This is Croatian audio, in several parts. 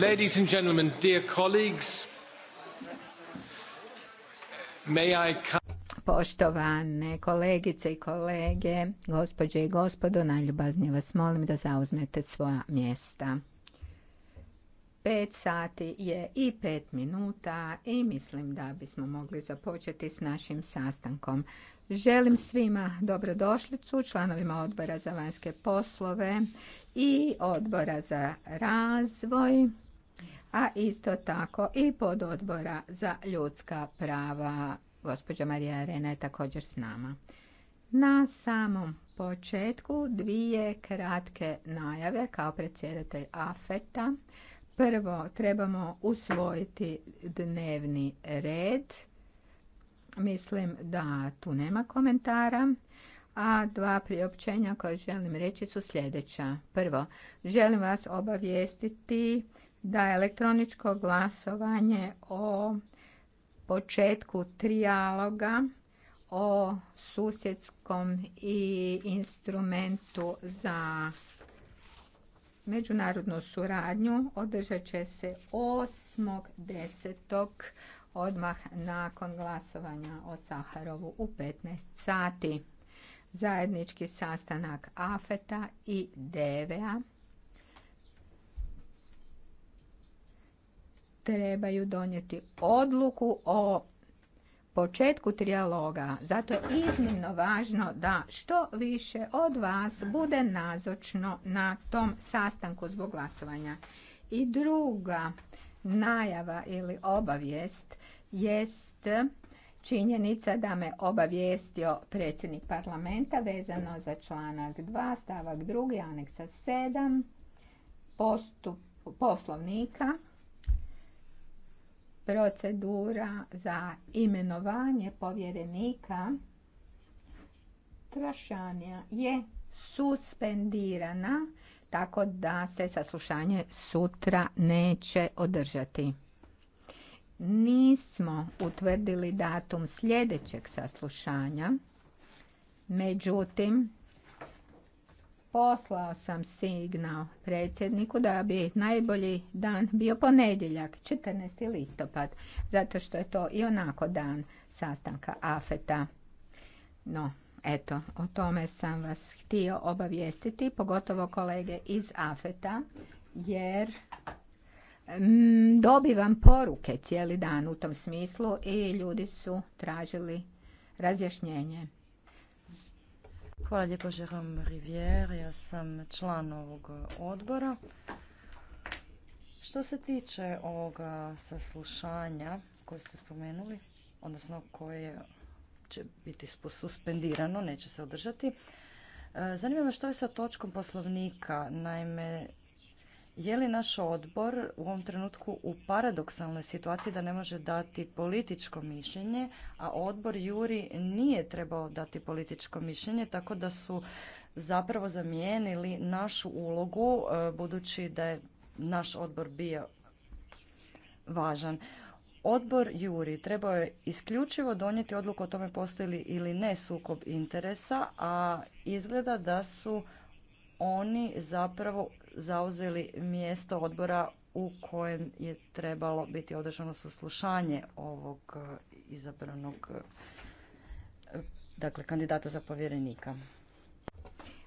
Ladies and gentlemen, dear colleagues, Poštovane kolegice i kolege, gospođe i gospodo, najljubaznije vas molim da zauzmete svoja mjesta. Pet sati je i pet minuta i mislim da bismo mogli započeti s našim sastankom. Želim svima dobrodošlicu, članovima odbora za vanjske poslove i odbora za razvoj a isto tako i pod odbora za ljudska prava. Gospođa Marija Arena je također s nama. Na samom početku dvije kratke najave kao predsjedatelj AFETA. Prvo, trebamo usvojiti dnevni red. Mislim da tu nema komentara. A dva priopćenja koje želim reći su sljedeća. Prvo, želim vas obavijestiti da elektroničko glasovanje o početku trijaloga o susjedskom i instrumentu za međunarodnu suradnju održat će se 8.10. odmah nakon glasovanja o Saharovu u 15 sati. Zajednički sastanak AFETA i dva trebaju donijeti odluku o početku trijaloga. Zato je iznimno važno da što više od vas bude nazočno na tom sastanku zbog glasovanja. I druga najava ili obavijest jest činjenica da me obavijestio predsjednik parlamenta vezano za članak 2 stavak 2 aneksa 7 postup, poslovnika procedura za imenovanje povjerenika Trašanja je suspendirana tako da se saslušanje sutra neće održati. Nismo utvrdili datum sljedećeg saslušanja, međutim Poslao sam signal predsjedniku da bi najbolji dan bio ponedjeljak, 14. listopad, zato što je to i onako dan sastanka AFETA. No, eto, o tome sam vas htio obavijestiti, pogotovo kolege iz AFETA, jer mm, dobivam poruke cijeli dan u tom smislu i ljudi su tražili razjašnjenje. Hvala lijepo Jerome Rivière, ja sam član ovog odbora. Što se tiče ovoga saslušanja koje ste spomenuli, odnosno koje će biti suspendirano, neće se održati, e, zanima me što je sa točkom poslovnika. Naime, je li naš odbor u ovom trenutku u paradoksalnoj situaciji da ne može dati političko mišljenje, a odbor Juri nije trebao dati političko mišljenje, tako da su zapravo zamijenili našu ulogu, e, budući da je naš odbor bio važan. Odbor Juri trebao je isključivo donijeti odluku o tome postoji li ili ne sukob interesa, a izgleda da su oni zapravo zauzeli mjesto odbora u kojem je trebalo biti održano suslušanje ovog e, izabranog e, dakle, kandidata za povjerenika.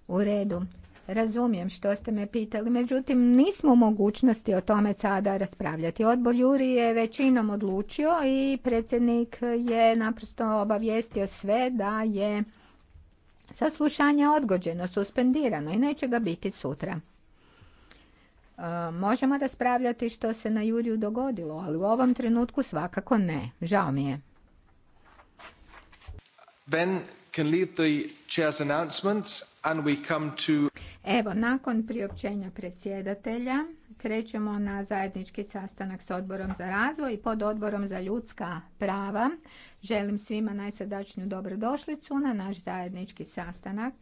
U redu. Razumijem što ste me pitali, međutim nismo u mogućnosti o tome sada raspravljati. Odbor Juri je većinom odlučio i predsjednik je naprosto obavijestio sve da je saslušanje odgođeno, suspendirano i neće ga biti sutra. E, možemo raspravljati što se na Juriju dogodilo, ali u ovom trenutku svakako ne. Žao mi je. can lead the chair's and we come to... Evo, nakon priopćenja predsjedatelja krećemo na zajednički sastanak s odborom za razvoj i pod odborom za ljudska prava. Želim svima najsadašnju dobrodošlicu na naš zajednički sastanak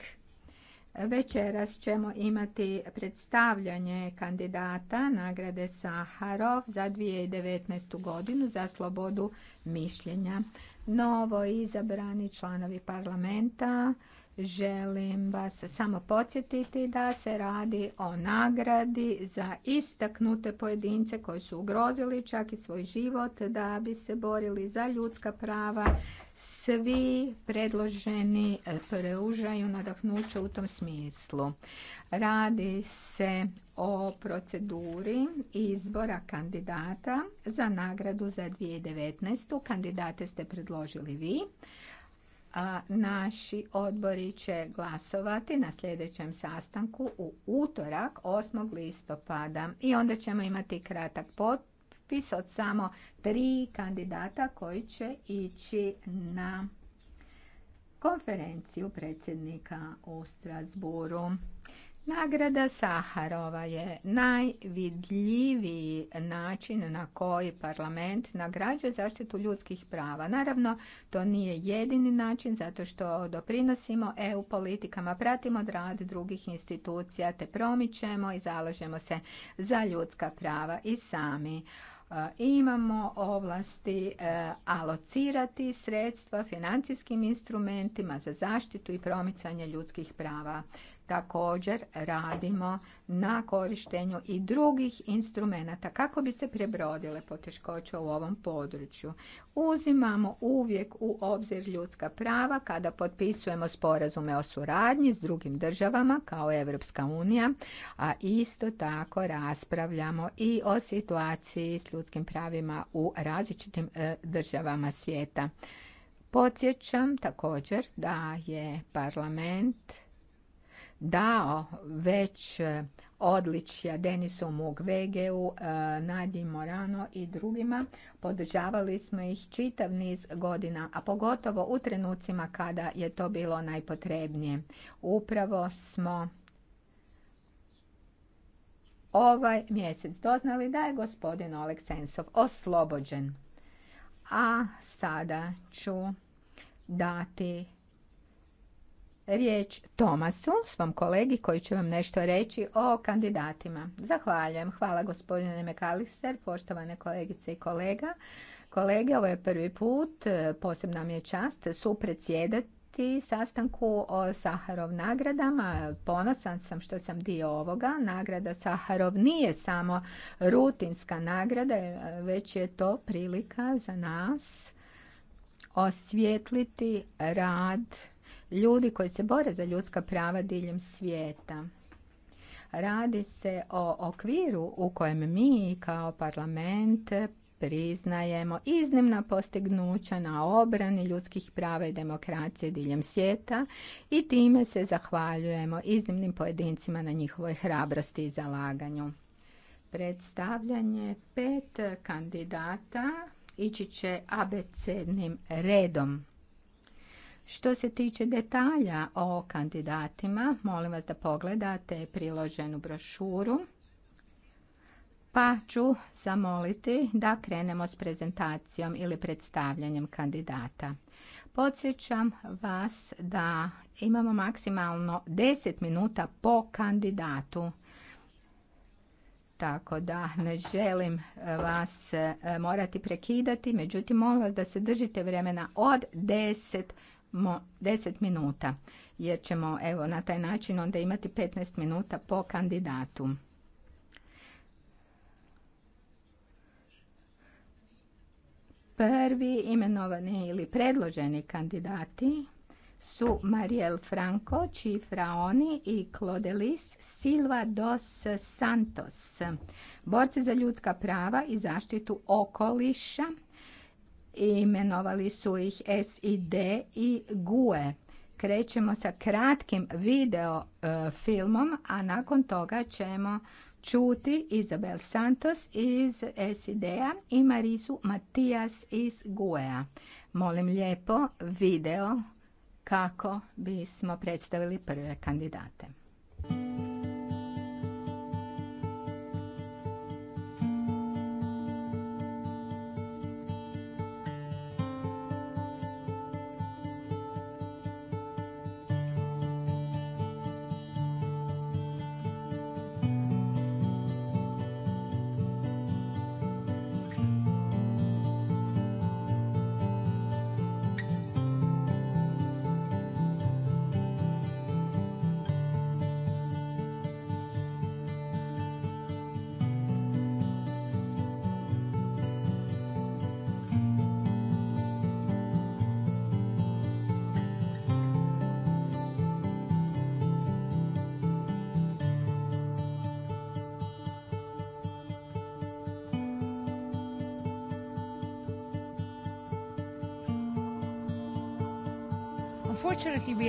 Večeras ćemo imati predstavljanje kandidata nagrade Saharov za 2019. godinu za slobodu mišljenja. Novo izabrani članovi parlamenta Želim vas samo podsjetiti da se radi o nagradi za istaknute pojedince koji su ugrozili čak i svoj život da bi se borili za ljudska prava. Svi predloženi preužaju nadahnuće u tom smislu. Radi se o proceduri izbora kandidata za nagradu za 2019. Kandidate ste predložili vi a naši odbori će glasovati na sljedećem sastanku u utorak 8. listopada i onda ćemo imati kratak potpis od samo tri kandidata koji će ići na konferenciju predsjednika u Strasburu. Nagrada Saharova je najvidljiviji način na koji parlament nagrađuje zaštitu ljudskih prava. Naravno, to nije jedini način zato što doprinosimo EU politikama, pratimo rad drugih institucija te promičemo i zalažemo se za ljudska prava i sami e, imamo ovlasti e, alocirati sredstva financijskim instrumentima za zaštitu i promicanje ljudskih prava. Također radimo na korištenju i drugih instrumenata kako bi se prebrodile poteškoće u ovom području. Uzimamo uvijek u obzir ljudska prava kada potpisujemo sporazume o suradnji s drugim državama kao Evropska unija, a isto tako raspravljamo i o situaciji s ljudskim pravima u različitim e, državama svijeta. Podsjećam također da je parlament dao već e, odličja Denisu Mugvegeu, e, Nadi Morano i drugima. Podržavali smo ih čitav niz godina, a pogotovo u trenucima kada je to bilo najpotrebnije. Upravo smo ovaj mjesec doznali da je gospodin Oleg Sensov oslobođen. A sada ću dati riječ Tomasu, svom kolegi koji će vam nešto reći o kandidatima. Zahvaljujem. Hvala gospodine Mekalister, poštovane kolegice i kolega. Kolege, ovo je prvi put, e, posebna mi je čast, su sastanku o Saharov nagradama. Ponosan sam što sam dio ovoga. Nagrada Saharov nije samo rutinska nagrada, e, već je to prilika za nas osvijetliti rad ljudi koji se bore za ljudska prava diljem svijeta. Radi se o okviru u kojem mi kao parlament priznajemo iznimna postignuća na obrani ljudskih prava i demokracije diljem svijeta i time se zahvaljujemo iznimnim pojedincima na njihovoj hrabrosti i zalaganju. Predstavljanje pet kandidata ići će abecednim redom. Što se tiče detalja o kandidatima, molim vas da pogledate priloženu brošuru. Pa ću zamoliti da krenemo s prezentacijom ili predstavljanjem kandidata. Podsjećam vas da imamo maksimalno 10 minuta po kandidatu. Tako da ne želim vas e, morati prekidati, međutim molim vas da se držite vremena od 10 10 minuta, jer ćemo evo, na taj način onda imati 15 minuta po kandidatu. Prvi imenovani ili predloženi kandidati su Mariel Franco, Čifraoni i Clodelis Silva dos Santos, borci za ljudska prava i zaštitu okoliša imenovali su ih SID i GUE. Krećemo sa kratkim video e, filmom, a nakon toga ćemo čuti Izabel Santos iz SID-a i Marisu Matijas iz GUE-a. Molim lijepo video kako bismo predstavili prve kandidate.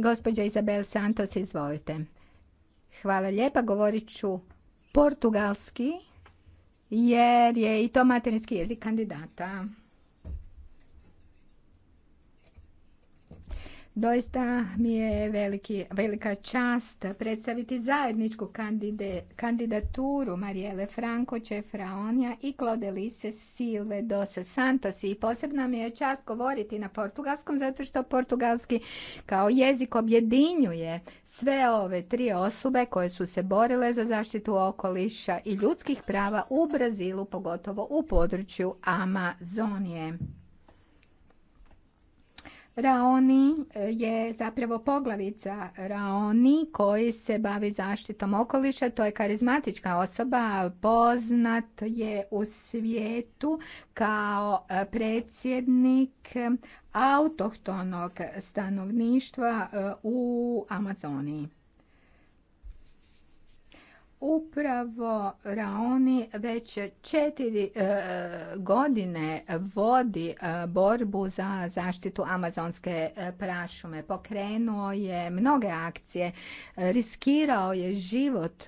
Gospođa Izabel Santos, izvolite. Hvala lijepa, govorit ću portugalski jer je i to materinski jezik kandidata. Doista mi je veliki, velika čast predstaviti zajedničku kandide, kandidaturu Marijele Franco, Čefraonja i lise Silve dos Santos. I posebna mi je čast govoriti na portugalskom zato što portugalski kao jezik objedinjuje sve ove tri osobe koje su se borile za zaštitu okoliša i ljudskih prava u Brazilu, pogotovo u području Amazonije. Raoni e, je zapravo poglavica Raoni koji se bavi zaštitom okoliša. To je karizmatička osoba, poznat je u svijetu kao e, predsjednik autohtonog stanovništva e, u Amazoniji. Upravo Raoni već četiri e, godine vodi e, borbu za zaštitu amazonske e, prašume. Pokrenuo je mnoge akcije, riskirao je život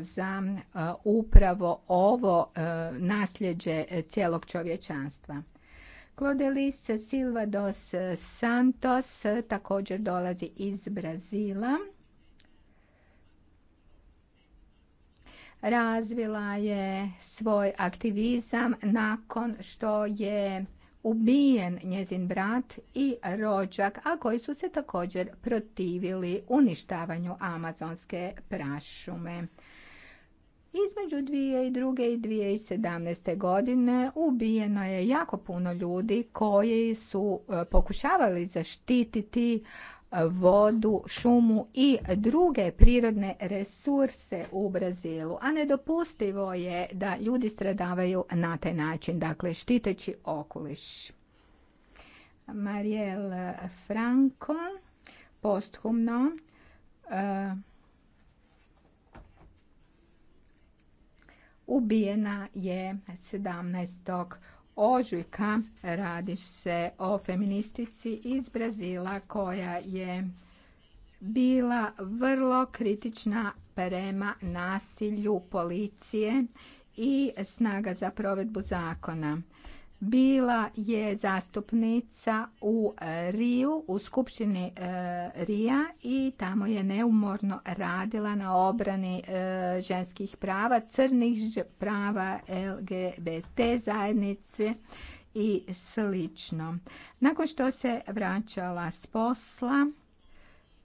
za upravo ovo nasljeđe cijelog čovječanstva. Clodelis Silvados Santos također dolazi iz Brazila razvila je svoj aktivizam nakon što je ubijen njezin brat i rođak, a koji su se također protivili uništavanju amazonske prašume. Između 2002. i 2017. godine ubijeno je jako puno ljudi koji su e, pokušavali zaštititi vodu, šumu i druge prirodne resurse u Brazilu, a nedopustivo je da ljudi stradavaju na taj način, dakle štiteći okoliš. Mariel Franco, posthumno, e, ubijena je 17 ožujka radi se o feministici iz Brazila koja je bila vrlo kritična prema nasilju policije i snaga za provedbu zakona bila je zastupnica u e, Riju, u skupštini e, Rija i tamo je neumorno radila na obrani e, ženskih prava, crnih prava LGBT zajednice i slično. Nakon što se vraćala s posla,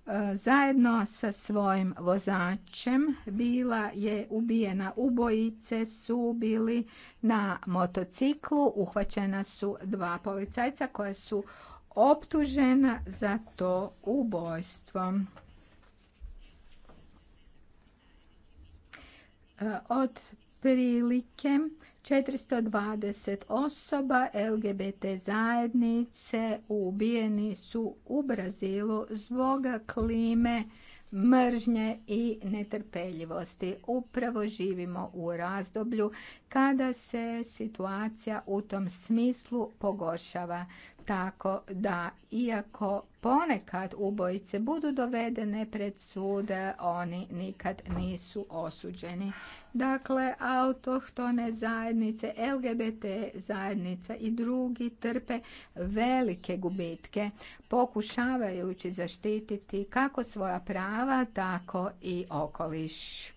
E, zajedno sa svojim vozačem bila je ubijena. Ubojice su bili na motociklu, uhvaćena su dva policajca koja su optužena za to ubojstvo. E, Od prilike 420 osoba LGBT zajednice ubijeni su u Brazilu zbog klime mržnje i netrpeljivosti. Upravo živimo u razdoblju kada se situacija u tom smislu pogošava. Tako da, iako ponekad ubojice budu dovedene pred sude, oni nikad nisu osuđeni. Dakle, autohtone zajednice, LGBT zajednica i drugi trpe velike gubitke, pokušavajući zaštititi kako svoja prava, tako i okoliš.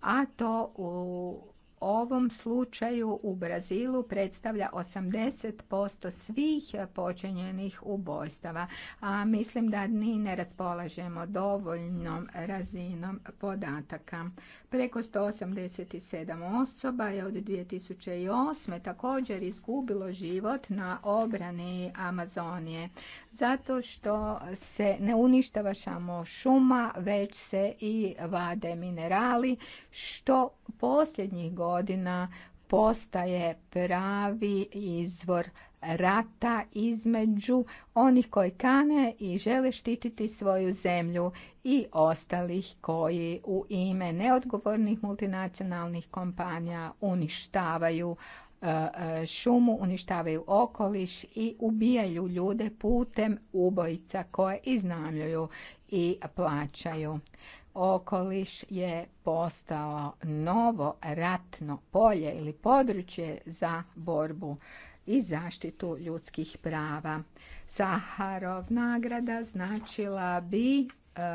A to u ovom slučaju u Brazilu predstavlja 80% svih počinjenih ubojstava. A mislim da ni ne raspolažemo dovoljnom razinom podataka. Preko 187 osoba je od 2008. također izgubilo život na obrani Amazonije. Zato što se ne uništava samo šuma, već se i vade minerali, što posljednjih godina postaje pravi izvor rata između onih koji kane i žele štititi svoju zemlju i ostalih koji u ime neodgovornih multinacionalnih kompanija uništavaju e, e, šumu, uništavaju okoliš i ubijaju ljude putem ubojica koje iznajmljuju i plaćaju okoliš je postao novo ratno polje ili područje za borbu i zaštitu ljudskih prava. Saharov nagrada značila bi e,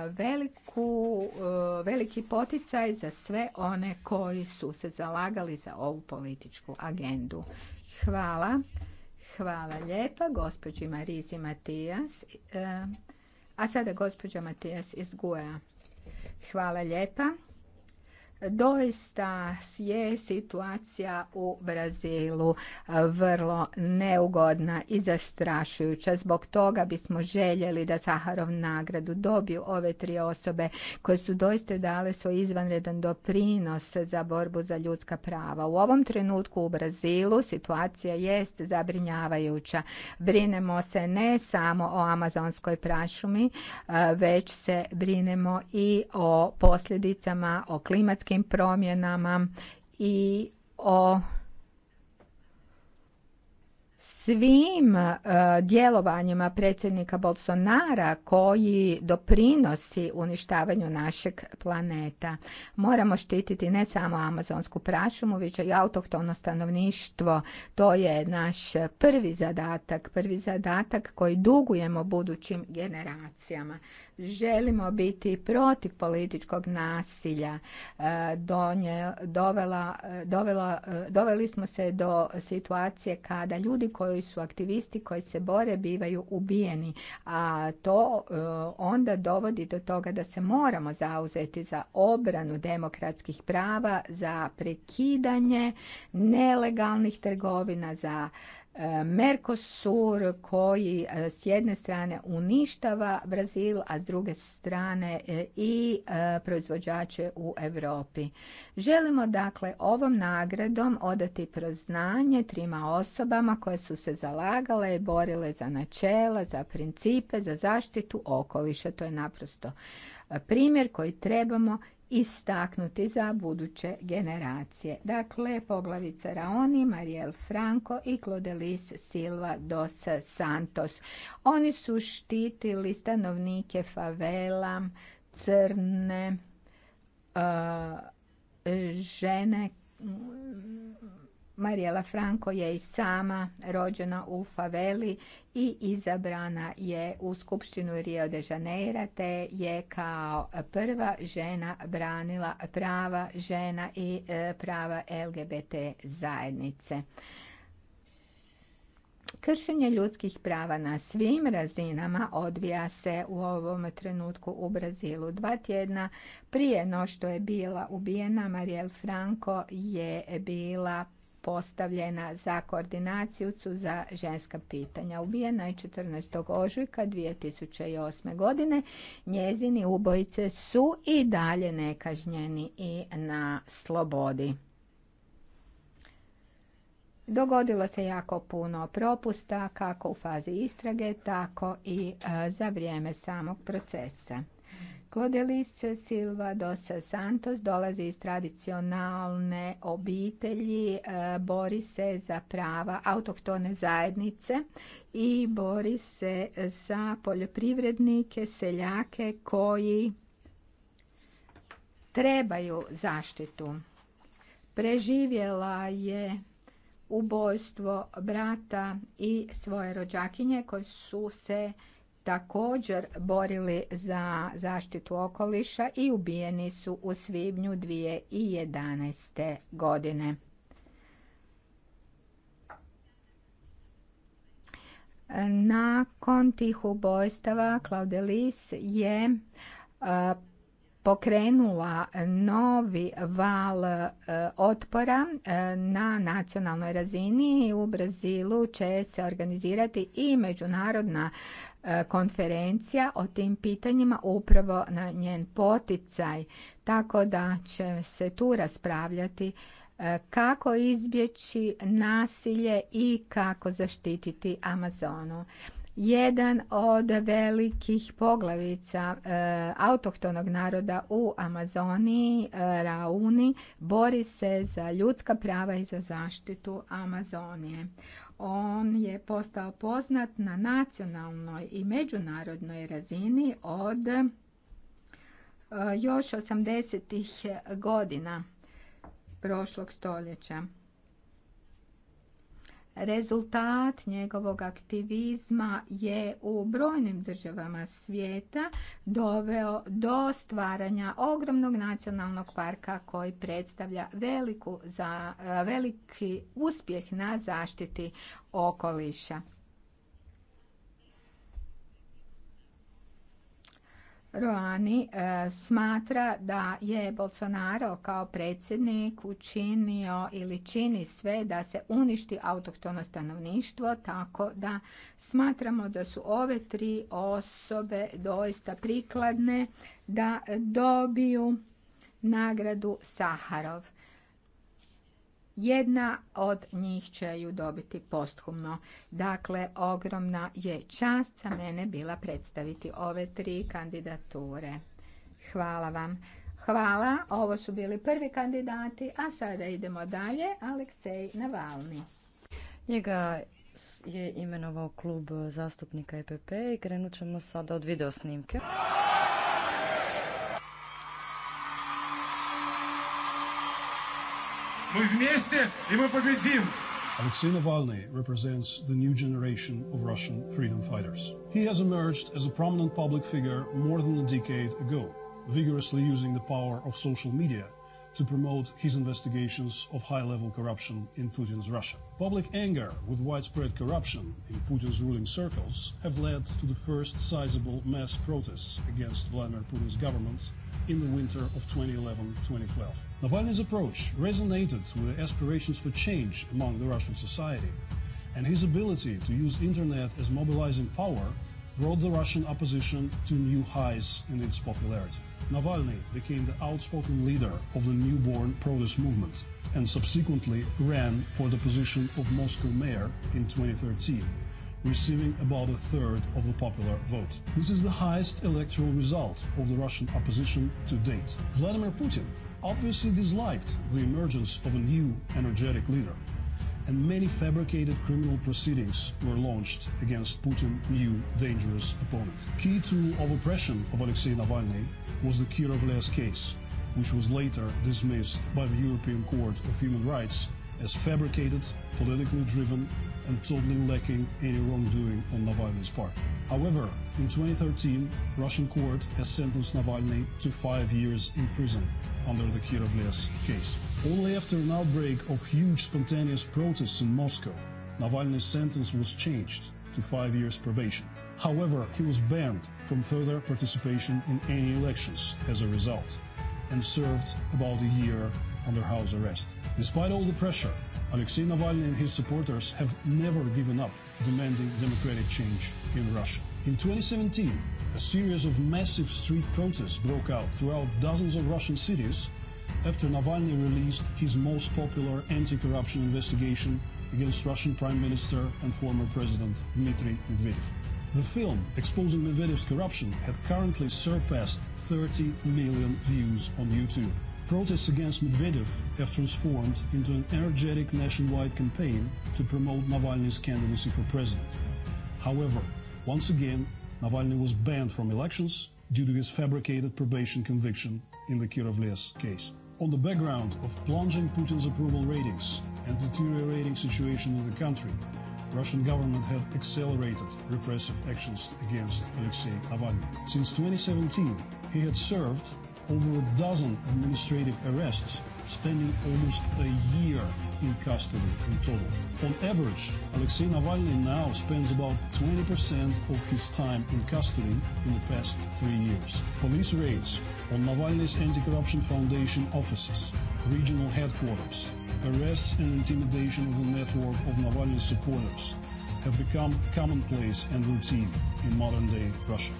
veliku, e, veliki poticaj za sve one koji su se zalagali za ovu političku agendu. Hvala. Hvala lijepa gospođi Marizi Matijas. E, a sada gospođa Matijas iz Guja. Hvala lijepa. Doista je situacija u Brazilu vrlo neugodna i zastrašujuća. Zbog toga bismo željeli da Saharov nagradu dobiju ove tri osobe koje su doista dale svoj izvanredan doprinos za borbu za ljudska prava. U ovom trenutku u Brazilu situacija jest zabrinjavajuća. Brinemo se ne samo o amazonskoj prašumi, već se brinemo i o posljedicama, o klimatskim klimatskim promjenama i o svim e, djelovanjima predsjednika Bolsonara koji doprinosi uništavanju našeg planeta. Moramo štititi ne samo amazonsku prašumu, već i autohtono stanovništvo. To je naš prvi zadatak, prvi zadatak koji dugujemo budućim generacijama želimo biti protiv političkog nasilja e, dovela, e, dovela, e, doveli smo se do situacije kada ljudi koji su aktivisti koji se bore bivaju ubijeni a to onda dovodi do toga da se moramo zauzeti za obranu demokratskih prava za prekidanje nelegalnih trgovina za Mercosur koji e, s jedne strane uništava Brazil, a s druge strane e, i e, proizvođače u Europi. Želimo dakle ovom nagradom odati proznanje trima osobama koje su se zalagale i borile za načela, za principe, za zaštitu okoliša. To je naprosto primjer koji trebamo istaknuti za buduće generacije. Dakle, poglavica Raoni, Mariel Franco i Clodelis Silva dos Santos. Oni su štitili stanovnike favela, crne, e, žene, Marijela Franko je i sama rođena u faveli i izabrana je u Skupštinu Rio de Janeira te je kao prva žena branila prava žena i e, prava LGBT zajednice. Kršenje ljudskih prava na svim razinama odvija se u ovom trenutku u Brazilu. Dva tjedna prije no što je bila ubijena, Mariel Franco je bila postavljena za koordinaciju za ženska pitanja. Ubijena je 14. ožujka 2008. godine. Njezini ubojice su i dalje nekažnjeni i na slobodi. Dogodilo se jako puno propusta kako u fazi istrage, tako i e, za vrijeme samog procesa. Clodelis Silva dos Santos dolazi iz tradicionalne obitelji, e, bori se za prava autoktone zajednice i bori se za poljoprivrednike, seljake koji trebaju zaštitu. Preživjela je ubojstvo brata i svoje rođakinje koji su se također borili za zaštitu okoliša i ubijeni su u svibnju 2011. godine. Nakon tih ubojstava Claudelis je e, pokrenula novi val e, otpora e, na nacionalnoj razini i u Brazilu će se organizirati i međunarodna E, konferencija o tim pitanjima upravo na njen poticaj, tako da će se tu raspravljati e, kako izbjeći nasilje i kako zaštititi Amazonu jedan od velikih poglavica e, autohtonog naroda u Amazoniji, e, Rauni, bori se za ljudska prava i za zaštitu Amazonije. On je postao poznat na nacionalnoj i međunarodnoj razini od e, još 80. godina prošlog stoljeća. Rezultat njegovog aktivizma je u brojnim državama svijeta doveo do stvaranja ogromnog nacionalnog parka koji predstavlja veliku za, veliki uspjeh na zaštiti okoliša. Roani e, smatra da je Bolsonaro kao predsjednik učinio ili čini sve da se uništi autohtono stanovništvo, tako da smatramo da su ove tri osobe doista prikladne da dobiju nagradu Saharov. Jedna od njih će ju dobiti posthumno. Dakle, ogromna je čast za mene bila predstaviti ove tri kandidature. Hvala vam. Hvala, ovo su bili prvi kandidati, a sada idemo dalje. Aleksej Navalni. Njega je imenovao klub zastupnika EPP i krenut ćemo sada od video snimke. Мы вместе, и мы победим! Алексей Navalny represents the new generation of Russian freedom fighters. He has emerged as a prominent public figure more than a decade ago, vigorously using the power of social media to promote his investigations of high level corruption in Putin's Russia. Public anger with widespread corruption in Putin's ruling circles have led to the first sizable mass protests against Vladimir Putin's government in the winter of 2011 2012. Navalny's approach resonated with aspirations for change among the Russian society, and his ability to use internet as mobilizing power brought the Russian opposition to new highs in its popularity. Navalny became the outspoken leader of the newborn protest movement and subsequently ran for the position of Moscow mayor in 2013, receiving about a third of the popular vote. This is the highest electoral result of the Russian opposition to date. Vladimir Putin obviously disliked the emergence of a new energetic leader, and many fabricated criminal proceedings were launched against Putin's new dangerous opponent. Key to of oppression of Alexei Navalny was the Kirovles case, which was later dismissed by the European Court of Human Rights as fabricated, politically driven, and totally lacking any wrongdoing on Navalny's part. However, in 2013, Russian court has sentenced Navalny to five years in prison under the Kirovlias case. Only after an outbreak of huge spontaneous protests in Moscow, Navalny's sentence was changed to five years probation. However, he was banned from further participation in any elections as a result and served about a year under house arrest. Despite all the pressure, Alexei Navalny and his supporters have never given up demanding democratic change in Russia. In 2017, a series of massive street protests broke out throughout dozens of Russian cities after Navalny released his most popular anti-corruption investigation against Russian Prime Minister and former President Dmitry Medvedev. The film exposing Medvedev's corruption had currently surpassed 30 million views on YouTube. Protests against Medvedev have transformed into an energetic nationwide campaign to promote Navalny's candidacy for president. However, once again, Navalny was banned from elections due to his fabricated probation conviction in the Kirovles case. On the background of plunging Putin's approval ratings and deteriorating situation in the country, Russian government had accelerated repressive actions against Alexei Navalny. Since 2017, he had served over a dozen administrative arrests, spending almost a year in custody in total. On average, Alexei Navalny now spends about 20% of his time in custody in the past three years. Police raids on Navalny's Anti-Corruption Foundation offices, regional headquarters, arrests and intimidation of the network of Navalny's supporters have become commonplace and routine in modern-day Russia.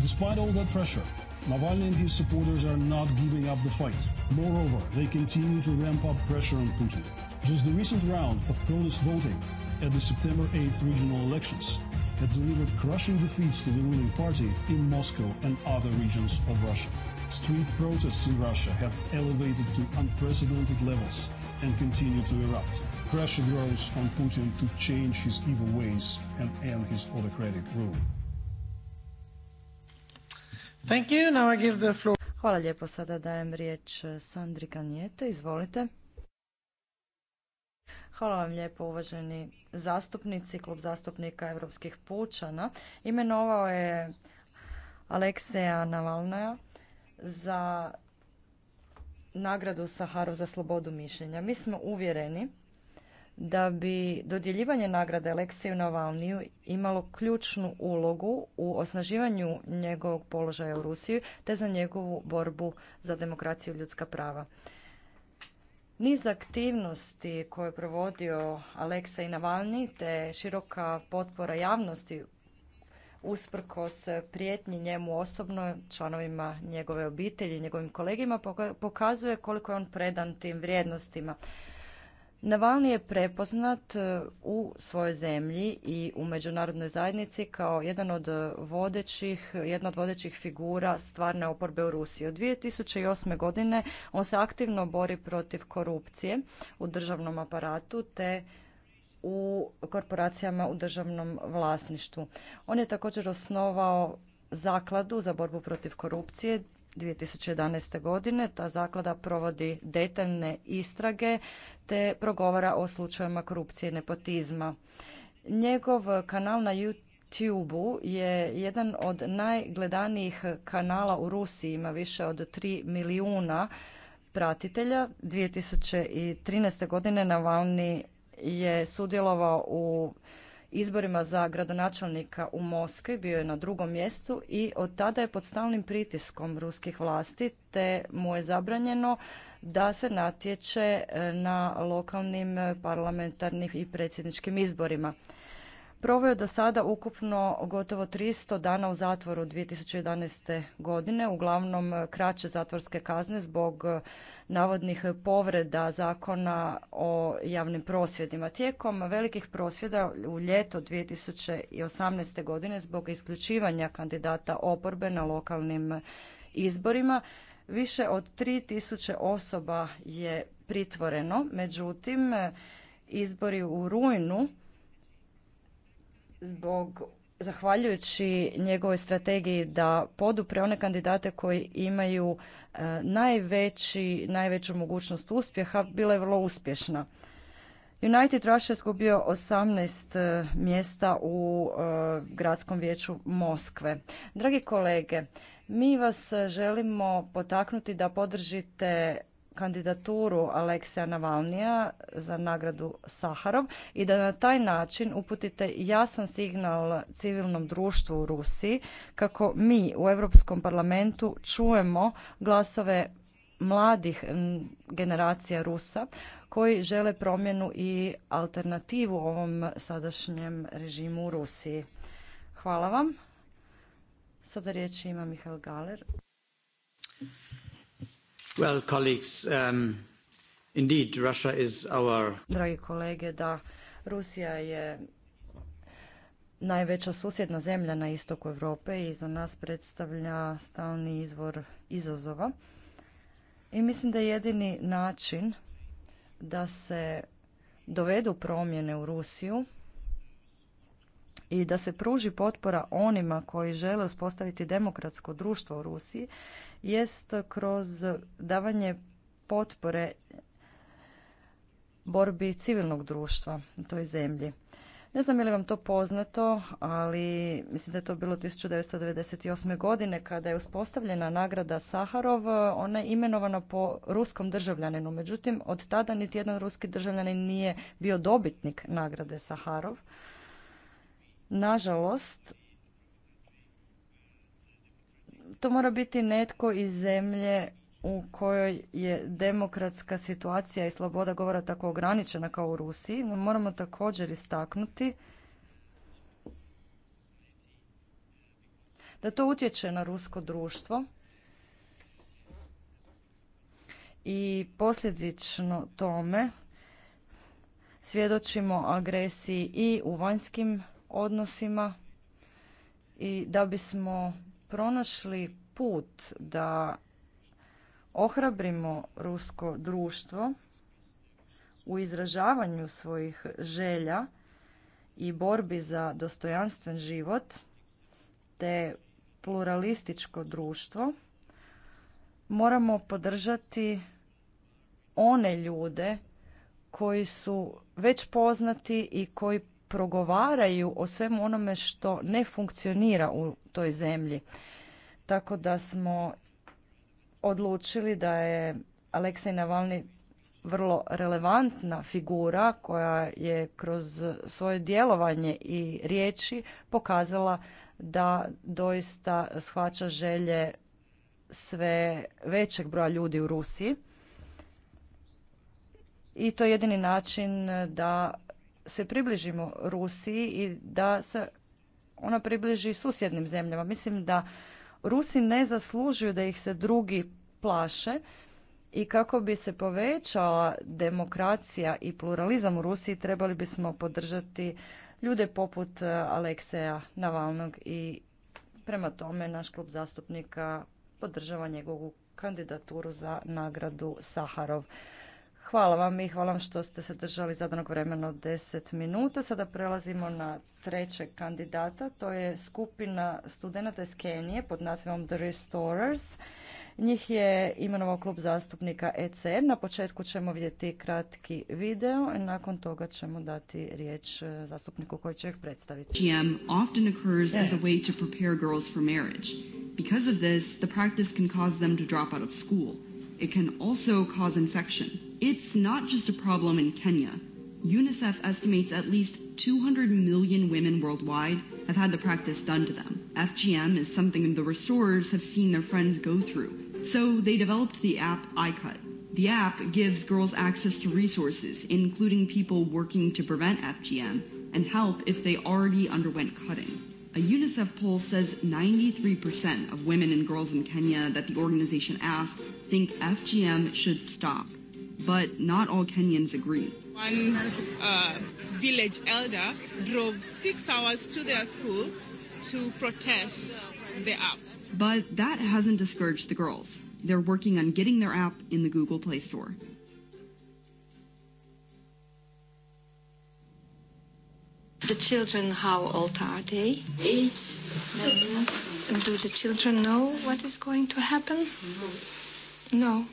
Despite all that pressure, Navalny and his supporters are not giving up the fight. Moreover, they continue to ramp up pressure on Putin. Just the recent round of protest voting at the September 8th regional elections had delivered crushing defeats to the ruling party in Moscow and other regions of Russia. Street protests in Russia have elevated to unprecedented levels and continue to erupt. Pressure grows on Putin to change his evil ways and end his autocratic rule. Thank you. Now I give the floor. Hvala lijepo. Sada dajem riječ Sandri Kanjete. Izvolite. Hvala vam lijepo uvaženi zastupnici. Klub zastupnika Europskih pučana imenovao je Alekseja Navalnaja za nagradu Saharu za slobodu mišljenja. Mi smo uvjereni da bi dodjeljivanje nagrade Alekseju Navalniju imalo ključnu ulogu u osnaživanju njegovog položaja u Rusiji te za njegovu borbu za demokraciju i ljudska prava. Niz aktivnosti koje je provodio Aleksa i Navalni te široka potpora javnosti usprkos prijetnji njemu osobno, članovima njegove obitelji, i njegovim kolegima, pokazuje koliko je on predan tim vrijednostima. Navalni je prepoznat e, u svojoj zemlji i u međunarodnoj zajednici kao jedan od vodećih, jedna od vodećih figura stvarne oporbe u Rusiji. Od 2008. godine on se aktivno bori protiv korupcije u državnom aparatu te u korporacijama u državnom vlasništvu. On je također osnovao zakladu za borbu protiv korupcije 2011. godine. Ta zaklada provodi detaljne istrage te progovara o slučajevima korupcije i nepotizma. Njegov kanal na YouTube je jedan od najgledanijih kanala u Rusiji, ima više od 3 milijuna pratitelja. 2013. godine Navalni je sudjelovao u izborima za gradonačelnika u Moskvi, bio je na drugom mjestu i od tada je pod stalnim pritiskom ruskih vlasti, te mu je zabranjeno da se natječe e, na lokalnim e, parlamentarnim i predsjedničkim izborima. Proveo je do sada ukupno gotovo 300 dana u zatvoru 2011. godine, uglavnom e, kraće zatvorske kazne zbog navodnih povreda zakona o javnim prosvjedima. Tijekom velikih prosvjeda u ljeto 2018. godine zbog isključivanja kandidata oporbe na lokalnim izborima više od 3000 osoba je pritvoreno, međutim izbori u rujnu zbog zahvaljujući njegovoj strategiji da podupre one kandidate koji imaju najveći, najveću mogućnost uspjeha bila je vrlo uspješna. United Russia je zgubio 18 e, mjesta u e, gradskom vijeću Moskve. Dragi kolege, mi vas želimo potaknuti da podržite kandidaturu Aleksija Navalnija za nagradu Saharov i da na taj način uputite jasan signal civilnom društvu u Rusiji kako mi u Europskom parlamentu čujemo glasove mladih generacija Rusa koji žele promjenu i alternativu ovom sadašnjem režimu u Rusiji. Hvala vam. Sada riječ ima Mihael Galer. Um, Dragi kolege, da, Rusija je najveća susjedna zemlja na istoku Europe i za nas predstavlja stalni izvor izazova. I mislim da je jedini način da se dovedu promjene u Rusiju i da se pruži potpora onima koji žele uspostaviti demokratsko društvo u Rusiji jest kroz davanje potpore borbi civilnog društva u toj zemlji. Ne znam je li vam to poznato, ali mislim da je to bilo 1998. godine kada je uspostavljena nagrada Saharov. Ona je imenovana po ruskom državljaninu. Međutim, od tada niti jedan ruski državljanin nije bio dobitnik nagrade Saharov. Nažalost, to mora biti netko iz zemlje u kojoj je demokratska situacija i sloboda govora tako ograničena kao u Rusiji, no moramo također istaknuti da to utječe na rusko društvo i posljedično tome svjedočimo agresiji i u vanjskim odnosima i da bismo pronašli put da ohrabrimo rusko društvo u izražavanju svojih želja i borbi za dostojanstven život te pluralističko društvo moramo podržati one ljude koji su već poznati i koji progovaraju o svemu onome što ne funkcionira u toj zemlji. Tako da smo odlučili da je Aleksej Navalni vrlo relevantna figura koja je kroz svoje djelovanje i riječi pokazala da doista shvaća želje sve većeg broja ljudi u Rusiji. I to je jedini način da se približimo Rusiji i da se ona približi susjednim zemljama. Mislim da Rusi ne zaslužuju da ih se drugi plaše i kako bi se povećala demokracija i pluralizam u Rusiji trebali bismo podržati ljude poput e, Alekseja Navalnog i prema tome naš klub zastupnika podržava njegovu kandidaturu za nagradu Saharov. Hvala vam i hvala što ste se držali zadanog vremena od 10 minuta. Sada prelazimo na trećeg kandidata. To je skupina studenta iz Kenije pod nazivom The Restorers. Njih je imenovao klub zastupnika ECR. Na početku ćemo vidjeti kratki video i nakon toga ćemo dati riječ e, zastupniku koji će ih predstaviti. GM often occurs as a way to prepare girls for marriage. Because of this, the practice can cause them to drop out of school it can also cause infection. It's not just a problem in Kenya. UNICEF estimates at least 200 million women worldwide have had the practice done to them. FGM is something the restorers have seen their friends go through, so they developed the app iCut. The app gives girls access to resources, including people working to prevent FGM, and help if they already underwent cutting. A UNICEF poll says 93% of women and girls in Kenya that the organization asked think FGM should stop. But not all Kenyans agree. One uh, village elder drove six hours to their school to protest the app. But that hasn't discouraged the girls. They're working on getting their app in the Google Play Store. The children, how old are they? Eight. Do the children know what is going to happen? No.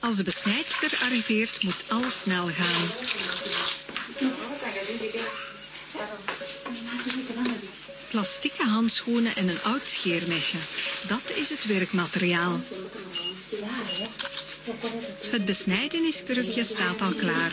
Als de besnijdster arriveert, moet alles snel gaan. Plastieke handschoenen en een oud scheermesje. Dat is het werkmateriaal. Het besnijdeniskrukje staat al klaar.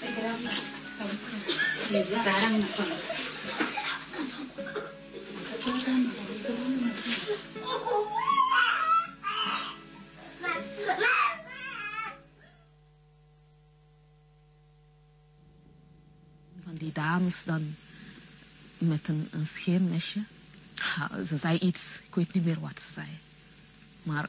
Van die dames dan met een, een scheermesje. Ze zei iets, ik weet niet meer wat ze zei. Maar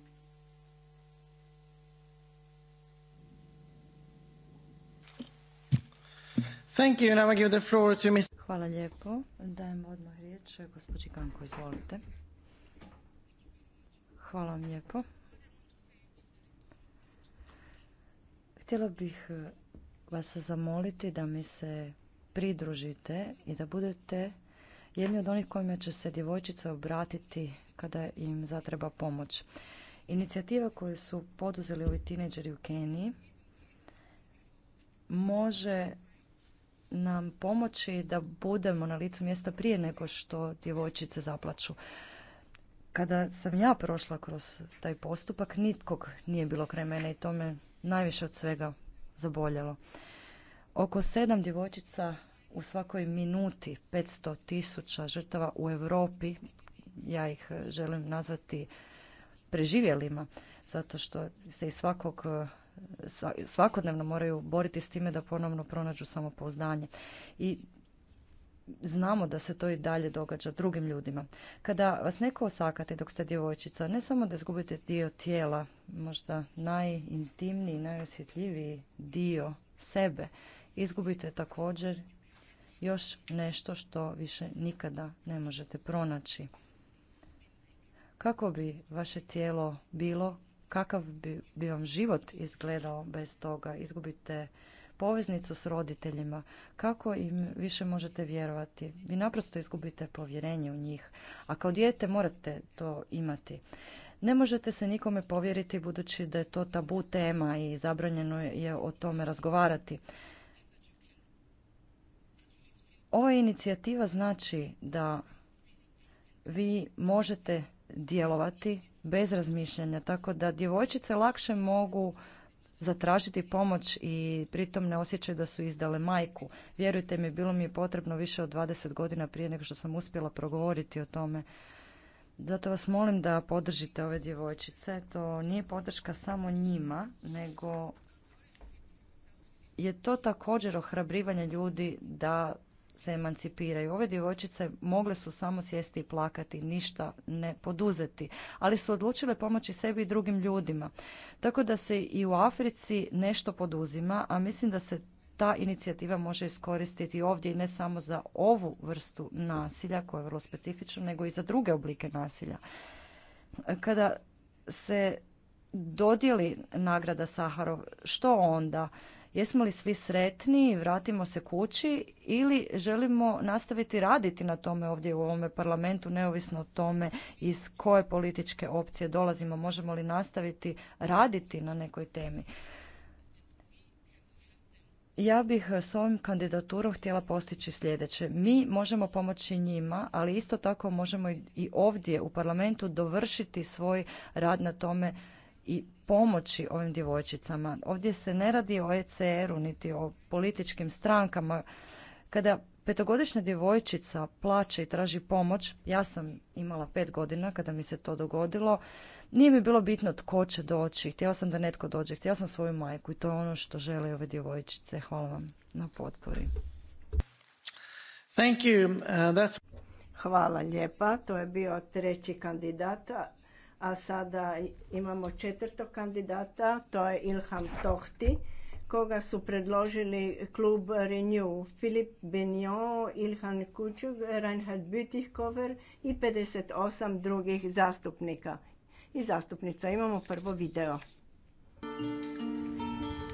Hvala lijepo. Dajem odmah riječ eh, gospođi izvolite. Hvala vam lijepo. Htjela bih eh, vas zamoliti da mi se pridružite i da budete jedni od onih kojima će se djevojčice obratiti kada im zatreba pomoć. Inicijativa koju su poduzeli ovi tineđeri u Keniji može nam pomoći da budemo na licu mjesta prije nego što djevojčice zaplaču. Kada sam ja prošla kroz taj postupak, nitkog nije bilo kraj mene i to me najviše od svega zaboljelo. Oko sedam djevojčica u svakoj minuti 500 tisuća žrtava u Europi, ja ih želim nazvati preživjelima, zato što se iz svakog svakodnevno moraju boriti s time da ponovno pronađu samopouzdanje. I znamo da se to i dalje događa drugim ljudima. Kada vas neko osakate dok ste djevojčica, ne samo da izgubite dio tijela, možda najintimniji, najosjetljiviji dio sebe, izgubite također još nešto što više nikada ne možete pronaći. Kako bi vaše tijelo bilo kakav bi, vam život izgledao bez toga. Izgubite poveznicu s roditeljima. Kako im više možete vjerovati? Vi naprosto izgubite povjerenje u njih. A kao dijete morate to imati. Ne možete se nikome povjeriti budući da je to tabu tema i zabranjeno je o tome razgovarati. Ova inicijativa znači da vi možete djelovati bez razmišljanja, tako da djevojčice lakše mogu zatražiti pomoć i pritom ne osjećaju da su izdale majku. Vjerujte mi, bilo mi je potrebno više od 20 godina prije nego što sam uspjela progovoriti o tome. Zato vas molim da podržite ove djevojčice. To nije podrška samo njima, nego je to također ohrabrivanje ljudi da se emancipiraju. Ove djevojčice mogle su samo sjesti i plakati, ništa ne poduzeti, ali su odlučile pomoći sebi i drugim ljudima. Tako da se i u Africi nešto poduzima, a mislim da se ta inicijativa može iskoristiti ovdje i ne samo za ovu vrstu nasilja koja je vrlo specifična, nego i za druge oblike nasilja. Kada se dodijeli nagrada Saharov, što onda? Jesmo li svi sretni, vratimo se kući ili želimo nastaviti raditi na tome ovdje u ovome parlamentu, neovisno o tome iz koje političke opcije dolazimo, možemo li nastaviti raditi na nekoj temi. Ja bih s ovim kandidaturom htjela postići sljedeće. Mi možemo pomoći njima, ali isto tako možemo i ovdje u parlamentu dovršiti svoj rad na tome i pomoći ovim djevojčicama. Ovdje se ne radi o ECR-u niti o političkim strankama. Kada petogodišnja djevojčica plaće i traži pomoć, ja sam imala pet godina kada mi se to dogodilo, nije mi bilo bitno tko će doći, htjela sam da netko dođe, htjela sam svoju majku i to je ono što žele ove djevojčice. Hvala vam na potpori. Thank uh, Hvala lijepa, to je bio treći kandidata a sada imamo četvrtog kandidata, to je Ilham Tohti, koga su predložili klub Renew. Filip Benjon, Ilhan Kučug, Reinhard Bütikover i 58 drugih zastupnika i zastupnica. Imamo prvo video.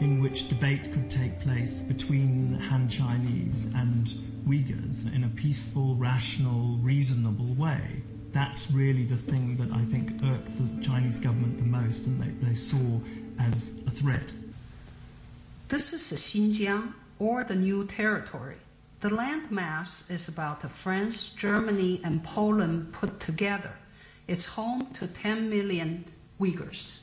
in which debate could take place between Han Chinese and Uyghurs in a peaceful, rational, reasonable way. That's really the thing that I think irked the Chinese government the most and they, they saw as a threat. This is Xinjiang or the new territory. The landmass is about France, Germany, and Poland put together. It's home to 10 million Uyghurs.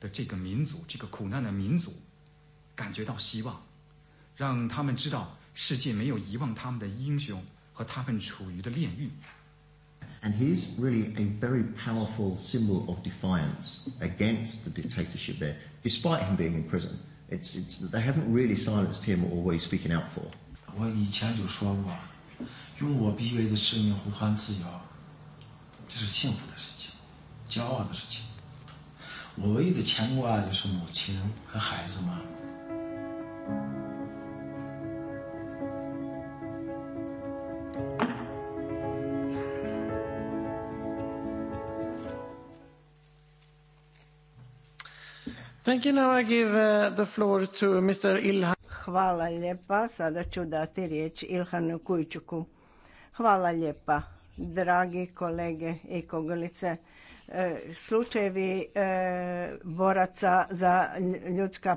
的这个民族，这个苦难的民族，感觉到希望，让他们知道世界没有遗忘他们的英雄和他们处于的炼狱。And he's really a very powerful symbol of defiance against the dictatorship there, despite him being in prison. It's, it's, they haven't really silenced him or what he's speaking out for. 我唯一的牵挂就是母亲和孩子们。Thank you. Now I give uh, the floor to Mr. Ilhan. Hvala lijepa. Sada ću dati riječ Ilhanu Kujčuku. Hvala lijepa, dragi kolege i kogolice. E, slučajevi e, boraca za ljudska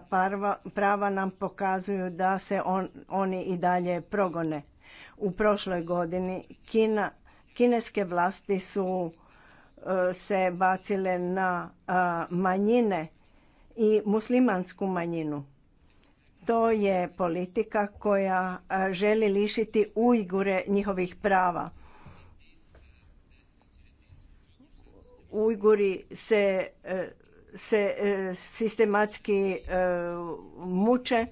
prava nam pokazuju da se oni i dalje progone. U prošloj godini Kina, kineske vlasti su e, se bacile na manjine i muslimansku manjinu. To je politika koja želi lišiti Ujgure njihovih prava Ujguri se, e, se e, sistematski e, muče,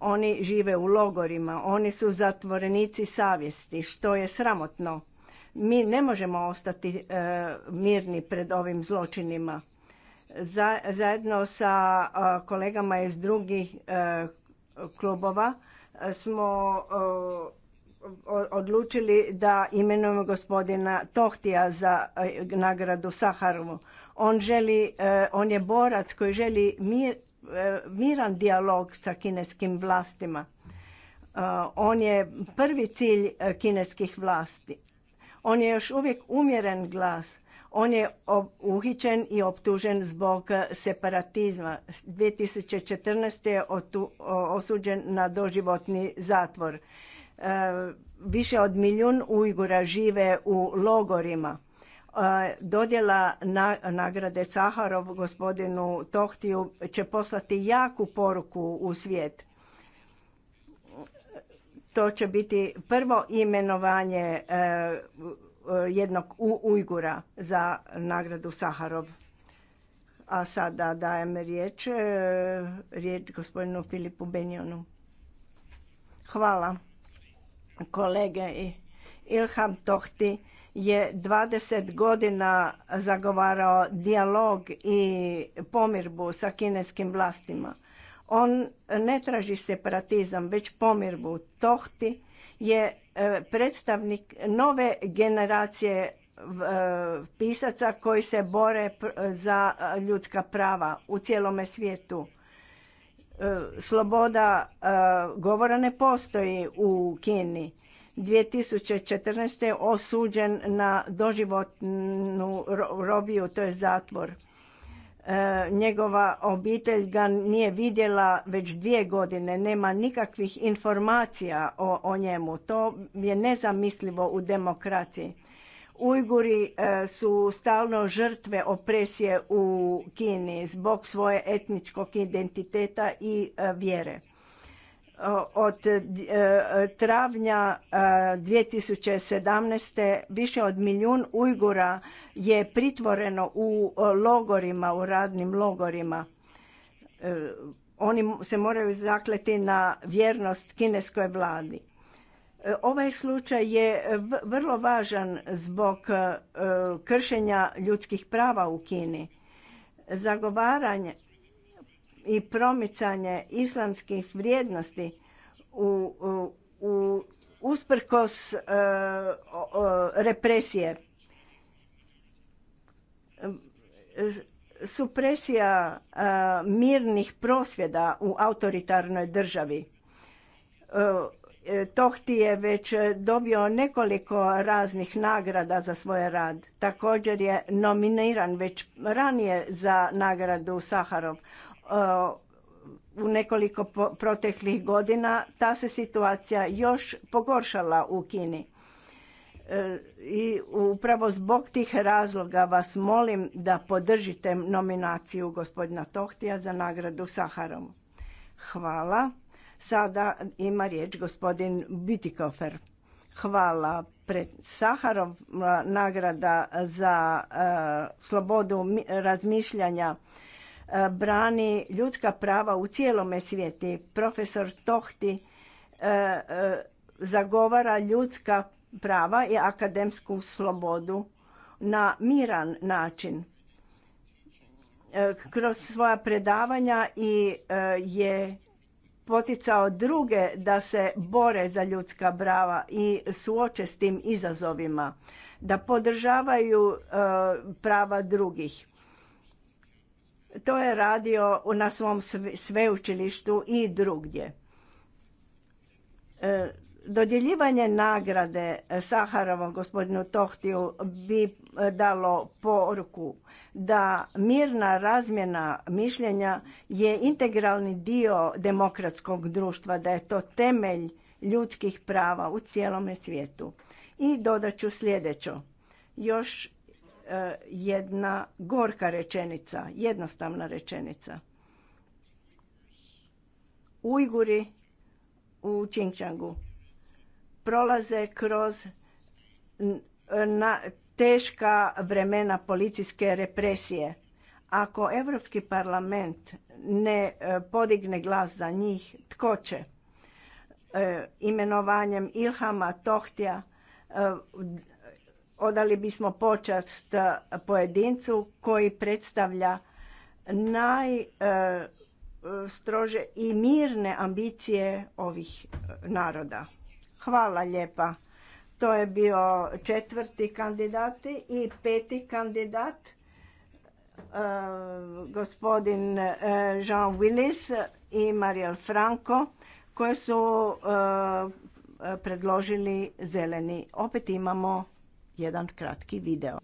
oni žive u logorima, oni su zatvorenici savjesti, što je sramotno. Mi ne možemo ostati mirni pred ovim zločinima. zajedno sa kolegama iz drugih klubova smo odlučili da imenujemo gospodina Tohtija za e, nagradu Saharovu. On želi, e, on je borac koji želi e, miran dijalog sa kineskim vlastima. On je prvi cilj kineskih vlasti. On je još uvijek umjeren glas. On je uhićen i optužen zbog separatizma. 2014. je osuđen na doživotni zatvor. Više od milijun Ujgura žive u logorima. E, dodjela nagrade Saharov gospodinu Tohtiju će poslati jaku poruku u svijet. To će biti prvo imenovanje e, jednog Ujgura za nagradu Saharov. A sada dajem riječ, e, riječ gospodinu Filipu Benjonu. Hvala. Kolege Ilham Tohti je 20 godina zagovarao dijalog i pomirbu sa kineskim vlastima. On ne traži separatizam, već pomirbu. Tohti je e, predstavnik nove generacije e, pisaca koji se bore za e, ljudska prava u cijelome svijetu. E, sloboda e, govora ne postoji u Kini. 2014. je osuđen na doživotnu robiju, to je zatvor. E, njegova obitelj ga nije vidjela već dvije godine, nema nikakvih informacija o, o njemu. To je nezamislivo u demokraciji. Ujguri e, su stalno žrtve opresije u Kini zbog svoje etničkog identiteta i e, vjere. Od e, travnja 2017. više od milijun Ujgura je pritvoreno u logorima, u radnim logorima. Oni se moraju zakleti na vjernost kineskoj vladi E, ovaj slučaj je e, vrlo važan zbog e, kršenja ljudskih prava u Kini. Zagovaranje i promicanje islamskih vrijednosti u, u, usprkos represije. Supresija mirnih prosvjeda u autoritarnoj državi. E, Tohti je već e, dobio nekoliko raznih nagrada za svoj rad. Također je nominiran već ranije za nagradu Saharov. E, u nekoliko proteklih godina ta se situacija još pogoršala u Kini. I upravo zbog tih razloga vas molim da podržite nominaciju gospodina Tohtija za nagradu Saharom. Hvala. Sada ima riječ gospodin Bütikofer. Hvala. Pred Saharov nagrada za e, slobodu razmišljanja e, brani ljudska prava u cijelome svijeti. Profesor Tohti e, zagovara ljudska prava i akademsku slobodu na miran način. Kroz svoja predavanja i je poticao druge da se bore za ljudska prava i suoče s tim izazovima, da podržavaju e, prava drugih. To je radio na svom sveučilištu i drugdje. E, dodjeljivanje nagrade Saharovom gospodinu Tohtiju bi e, dalo poruku da mirna razmjena mišljenja je integralni dio demokratskog društva, da je to temelj ljudskih prava u cijelome svijetu. I dodat ću sljedeću. Još e, jedna gorka rečenica, jednostavna rečenica. Ujguri u Čingčangu prolaze kroz na teška vremena policijske represije. Ako Europski parlament ne e, podigne glas za njih, tko će? E, imenovanjem Ilhama Tohtija e, odali bismo počast pojedincu koji predstavlja najstrože i mirne ambicije ovih naroda. Hvala lijepa. To je bio četvrti kandidat i peti kandidat, e, gospodin e, Jean Willis i Mariel Franco, koje su e, predložili zeleni. Opet imamo jedan kratki video.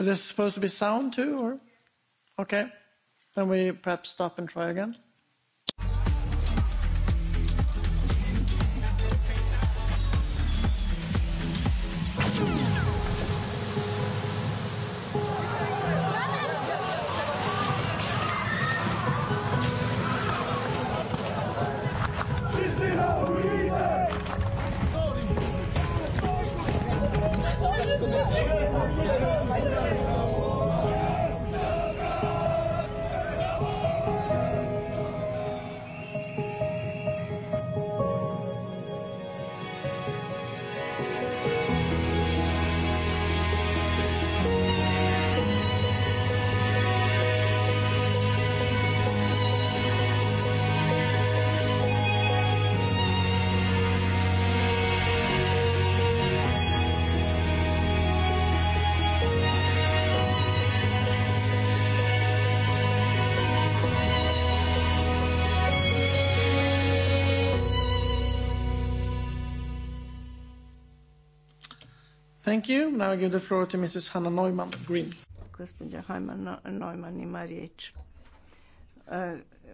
Is supposed to be sound too, Okay, then we perhaps stop and try again. Thank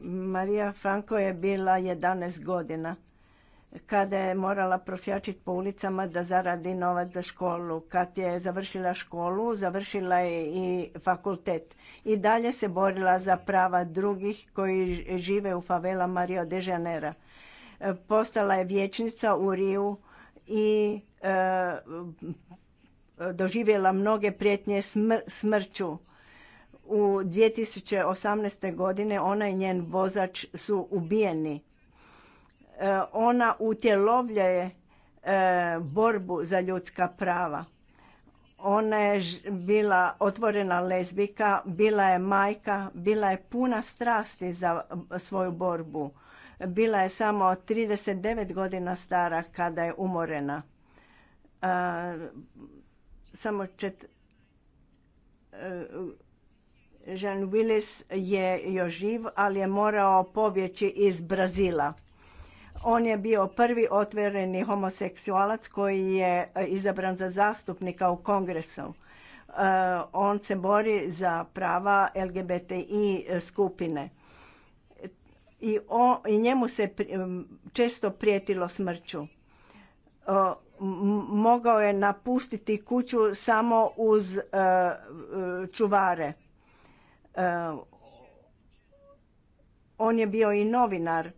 Marija Franko je bila 11 godina kada je morala prosjačiti po ulicama da zaradi novac za školu. Kad je završila školu, završila je i fakultet. I dalje se borila za prava drugih koji žive u favela Mario de Janeiro. E, postala je vječnica u Riju i e, doživjela mnoge prijetnje smrću. U 2018. godine ona i njen vozač su ubijeni. E, ona utjelovlja je e, borbu za ljudska prava. Ona je bila otvorena lezbika, bila je majka, bila je puna strasti za svoju borbu. Bila je samo 39 godina stara kada je umorena. E, samo e, Jean Willis je još živ, ali je morao pobjeći iz Brazila. On je bio prvi otvoreni homoseksualac koji je e, izabran za zastupnika u kongresu. E, on se bori za prava LGBTI skupine. I, i njemu se često prijetilo smrću mogao je napustiti kuću samo uz e, e, čuvare. E, on je bio i novinar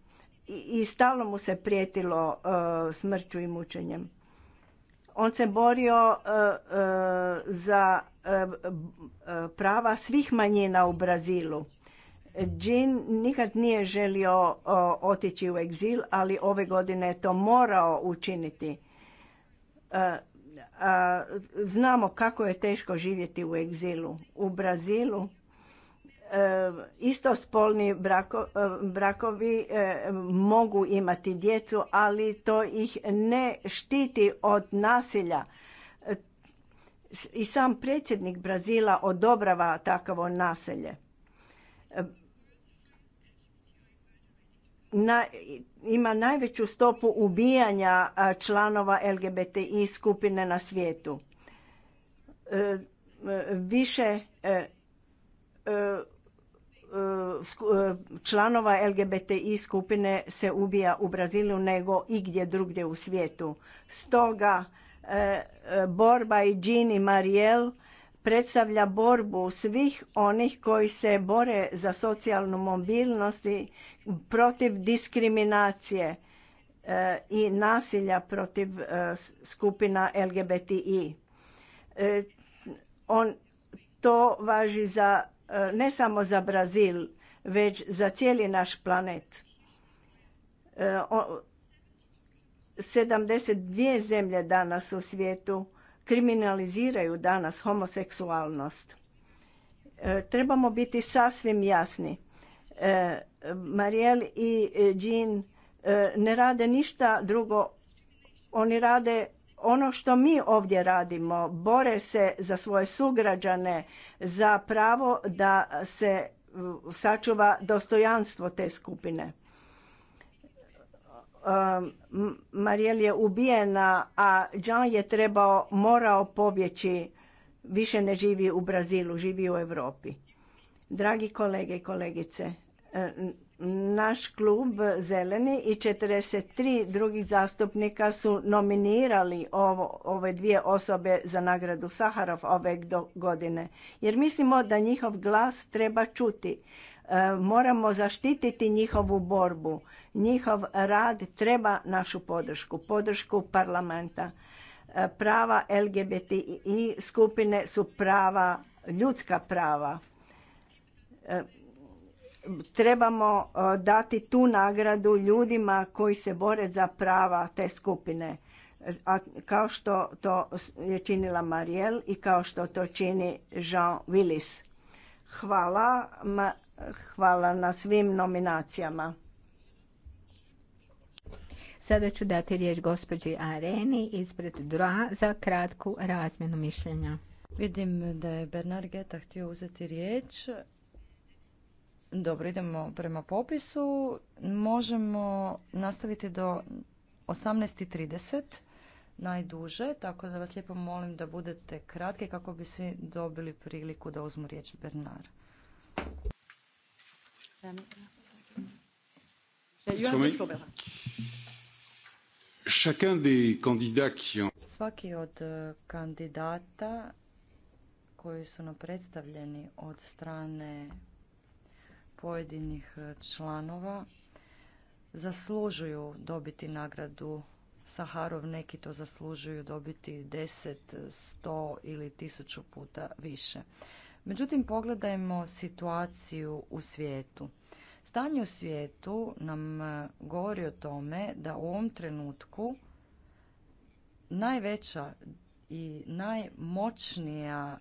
i stalno mu se prijetilo smrću i mučenjem. On se borio za prava svih manjina u Brazilu Jean nikad nije želio otići u egzil, ali ove godine je to morao učiniti. E, znamo kako je teško živjeti u egzilu. U Brazilu e, istospolni brako, e, brakovi mogu imati djecu, ali to ih ne štiti od nasilja. I sam predsjednik Brazila odobrava takvo nasilje na, ima najveću stopu ubijanja članova LGBTI skupine na svijetu. E, e, više e, članova LGBTI skupine se ubija u Brazilu nego igdje drugdje u svijetu. Stoga borba i Jean predstavlja borbu svih onih koji se bore za socijalnu mobilnost i protiv diskriminacije e, i nasilja protiv e, skupina LGBTI. E, on, to važi za, ne samo za Brazil, već za cijeli naš planet. 72 zemlje danas u svijetu kriminaliziraju danas homoseksualnost. E, trebamo biti sasvim jasni. E, Mariel i e, Jean e, ne rade ništa drugo. Oni rade ono što mi ovdje radimo. Bore se za svoje sugrađane, za pravo da se sačuva dostojanstvo te skupine. Marijel je ubijena, a Jean je trebao, morao pobjeći, više ne živi u Brazilu, živi u Europi. Dragi kolege i kolegice, naš klub Zeleni i 43 drugih zastupnika su nominirali ovo, ove dvije osobe za nagradu Saharov ove godine. Jer mislimo da njihov glas treba čuti. E, moramo zaštititi njihovu borbu. Njihov rad treba našu podršku, podršku parlamenta. E, prava LGBT i skupine su prava, ljudska prava. E, trebamo dati tu nagradu ljudima koji se bore za prava te skupine. A kao što to je činila Marielle i kao što to čini Jean Willis. Hvala Ma Hvala na svim nominacijama. Sada ću dati riječ gospođi Areni ispred dva za kratku razmjenu mišljenja. Vidim da je Bernard Geta htio uzeti riječ. Dobro, idemo prema popisu. Možemo nastaviti do 18.30 najduže, tako da vas lijepo molim da budete kratki kako bi svi dobili priliku da uzmu riječ Bernard. Svaki od e, kandidata koji su nam predstavljeni od strane pojedinih e, članova zaslužuju dobiti nagradu Saharov, neki to zaslužuju dobiti 10, 100 ili 1000 puta više. Međutim, pogledajmo situaciju u svijetu. Stanje u svijetu nam e, govori o tome da u ovom trenutku najveća i najmoćnija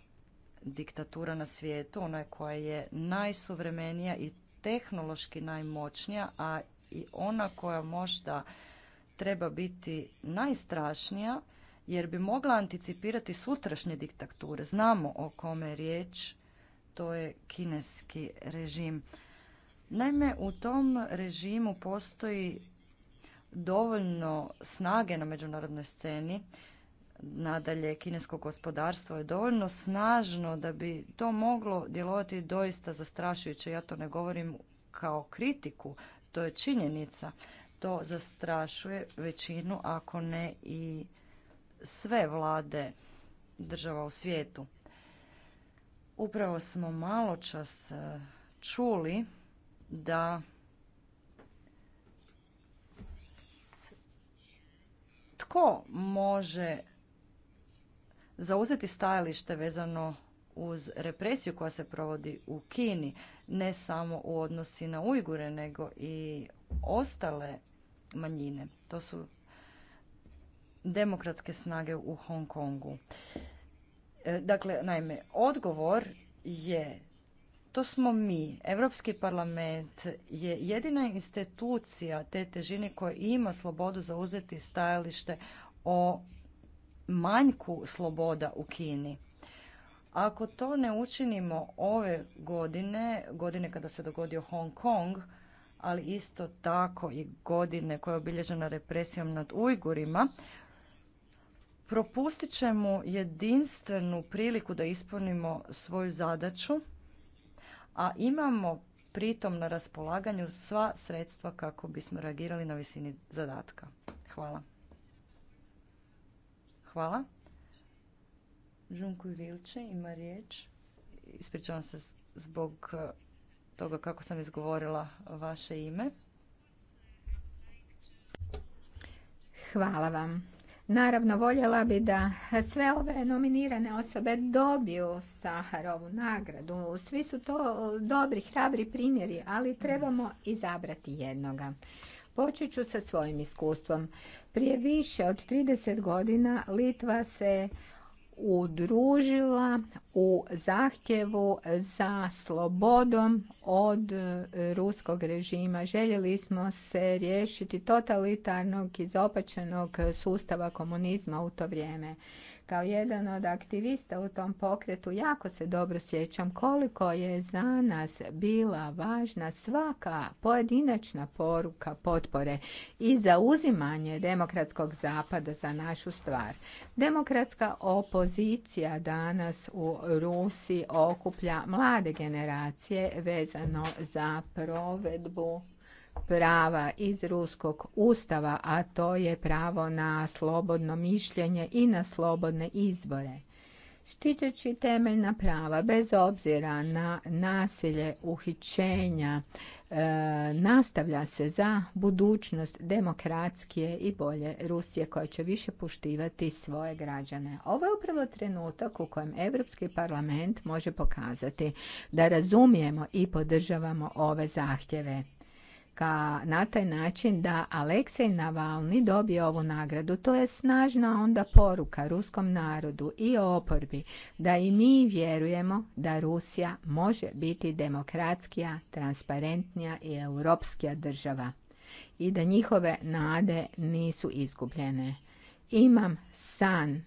diktatura na svijetu, ona koja je najsuvremenija i tehnološki najmoćnija, a i ona koja možda treba biti najstrašnija, jer bi mogla anticipirati sutrašnje diktature. Znamo o kome je riječ, to je kineski režim. Naime, u tom režimu postoji dovoljno snage na međunarodnoj sceni, nadalje kinesko gospodarstvo je dovoljno snažno da bi to moglo djelovati doista zastrašujuće. Ja to ne govorim kao kritiku, to je činjenica. To zastrašuje većinu, ako ne i sve vlade država u svijetu. Upravo smo malo čas e, čuli da tko može zauzeti stajalište vezano uz represiju koja se provodi u Kini, ne samo u odnosi na Ujgure, nego i ostale manjine. To su demokratske snage u Hong Kongu. E, dakle, naime, odgovor je to smo mi. Europski parlament je jedina institucija te težine koja ima slobodu zauzeti stajalište o manjku sloboda u Kini. Ako to ne učinimo ove godine, godine kada se dogodio Hong Kong, ali isto tako i godine koja je obilježena represijom nad Ujgurima, propustit ćemo jedinstvenu priliku da ispunimo svoju zadaću, a imamo pritom na raspolaganju sva sredstva kako bismo reagirali na visini zadatka. Hvala. Hvala. Žunku Vilče ima riječ. Ispričavam se zbog eh, toga kako sam izgovorila vaše ime. Hvala vam. Naravno, voljela bi da sve ove nominirane osobe dobiju Saharovu nagradu. Svi su to dobri, hrabri primjeri, ali trebamo izabrati jednoga. Počet ću sa svojim iskustvom. Prije više od 30 godina Litva se udružila u zahtjevu za slobodom od e, ruskog režima. Željeli smo se riješiti totalitarnog, izopačenog sustava komunizma u to vrijeme. Kao jedan od aktivista u tom pokretu jako se dobro sjećam koliko je za nas bila važna svaka pojedinačna poruka potpore i zauzimanje demokratskog zapada za našu stvar. Demokratska opozicija danas u Rusiji okuplja mlade generacije vezano za provedbu prava iz ruskog ustava, a to je pravo na slobodno mišljenje i na slobodne izbore. Štiteći temeljna prava, bez obzira na nasilje, uhićenja, e, nastavlja se za budućnost demokratskije i bolje Rusije koja će više poštivati svoje građane. Ovo je upravo trenutak u kojem Europski parlament može pokazati da razumijemo i podržavamo ove zahtjeve ka, na taj način da Aleksej Navalni dobije ovu nagradu. To je snažna onda poruka ruskom narodu i oporbi da i mi vjerujemo da Rusija može biti demokratskija, transparentnija i europskija država i da njihove nade nisu izgubljene. Imam san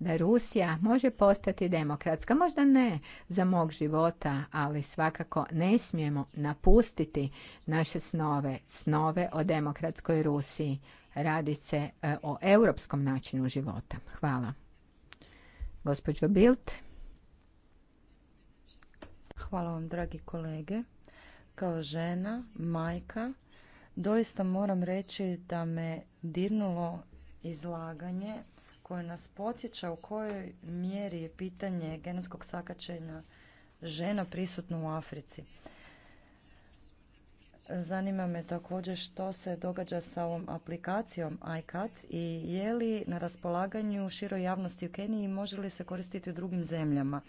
da Rusija može postati demokratska. Možda ne za mog života, ali svakako ne smijemo napustiti naše snove, snove o demokratskoj Rusiji. Radi se e, o europskom načinu života. Hvala. Gospođo Bilt. Hvala vam, dragi kolege. Kao žena, majka, doista moram reći da me dirnulo izlaganje koje nas podsjeća u kojoj mjeri je pitanje genetskog sakačenja žena prisutno u Africi. Zanima me također što se događa sa ovom aplikacijom ICAT i je li na raspolaganju široj javnosti u Keniji može li se koristiti u drugim zemljama.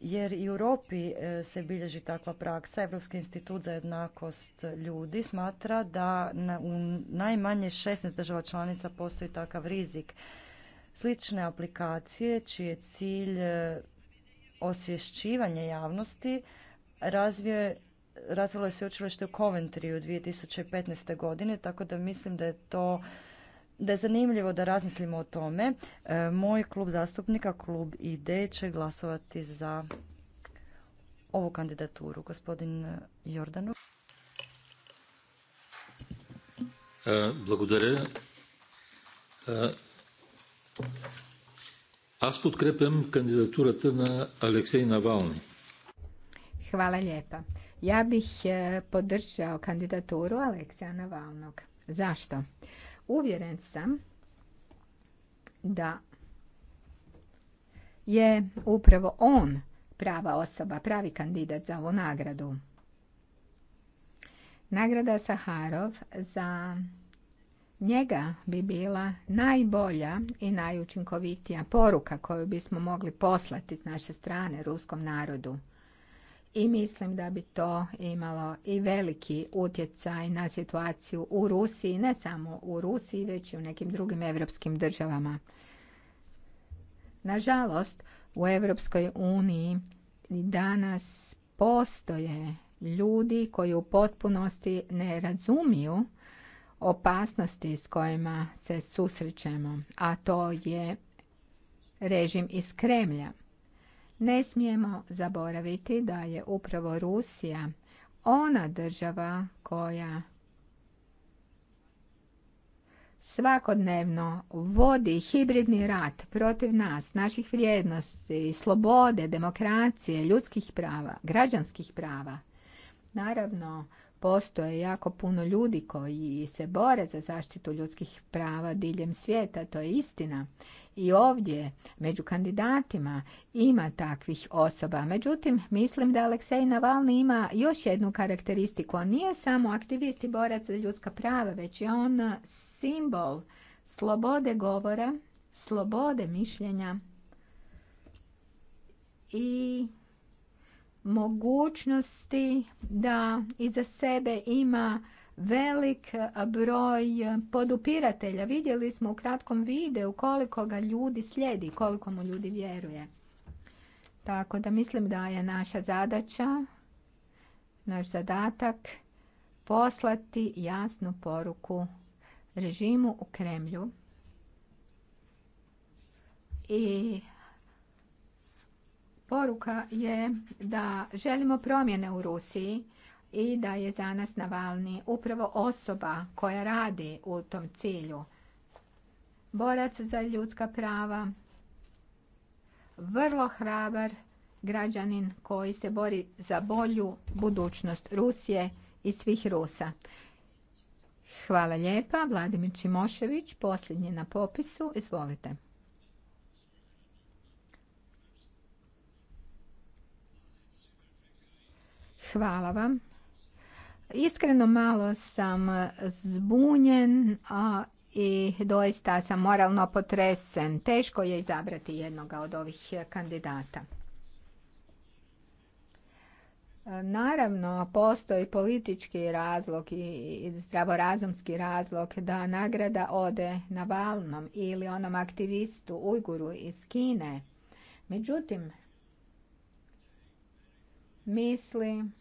Jer i u Europi e, se bilježi takva praksa. Evropski institut za jednakost ljudi smatra da u najmanje 16 država članica postoji takav rizik slične aplikacije čiji je cilj e, osvješćivanje javnosti razvilo je sveučilište u u 2015. godine, tako da mislim da je to da je zanimljivo da razmislimo o tome. E, moj klub zastupnika, klub ID, će glasovati za ovu kandidaturu. Gospodin Jordanov. E, Hvala lijepa. Ja bih e, podržao kandidaturu Alekseja Navalnog. Zašto? Uvjeren sam da je upravo on prava osoba, pravi kandidat za ovu nagradu. Nagrada Saharov za njega bi bila najbolja i najučinkovitija poruka koju bismo mogli poslati s naše strane ruskom narodu. I mislim da bi to imalo i veliki utjecaj na situaciju u Rusiji, ne samo u Rusiji, već i u nekim drugim evropskim državama. Nažalost, u Evropskoj uniji danas postoje ljudi koji u potpunosti ne razumiju opasnosti s kojima se susrećemo, a to je režim iz Kremlja. Ne smijemo zaboraviti da je upravo Rusija ona država koja svakodnevno vodi hibridni rat protiv nas, naših vrijednosti, slobode, demokracije, ljudskih prava, građanskih prava. Naravno, Postoje jako puno ljudi koji se bore za zaštitu ljudskih prava diljem svijeta, to je istina. I ovdje među kandidatima ima takvih osoba. Međutim, mislim da Aleksej Navalni ima još jednu karakteristiku. On nije samo aktivist i borac za ljudska prava, već je on simbol slobode govora, slobode mišljenja i mogućnosti da iza sebe ima velik eh, broj eh, podupiratelja. Vidjeli smo u kratkom videu koliko ga ljudi slijedi, koliko mu ljudi vjeruje. Tako da mislim da je naša zadaća, naš zadatak poslati jasnu poruku režimu u Kremlju i Poruka je da želimo promjene u Rusiji i da je za nas valni upravo osoba koja radi u tom cilju. Borac za ljudska prava, vrlo hrabar građanin koji se bori za bolju budućnost Rusije i svih Rusa. Hvala lijepa. Vladimir Čimošević, posljednji na popisu. Izvolite. Hvala vam. Iskreno malo sam zbunjen a i doista sam moralno potresen. Teško je izabrati jednoga od ovih kandidata. Naravno, postoji politički razlog i zdravorazumski razlog da nagrada ode na valnom ili onom aktivistu Ujguru iz Kine. Međutim, mislim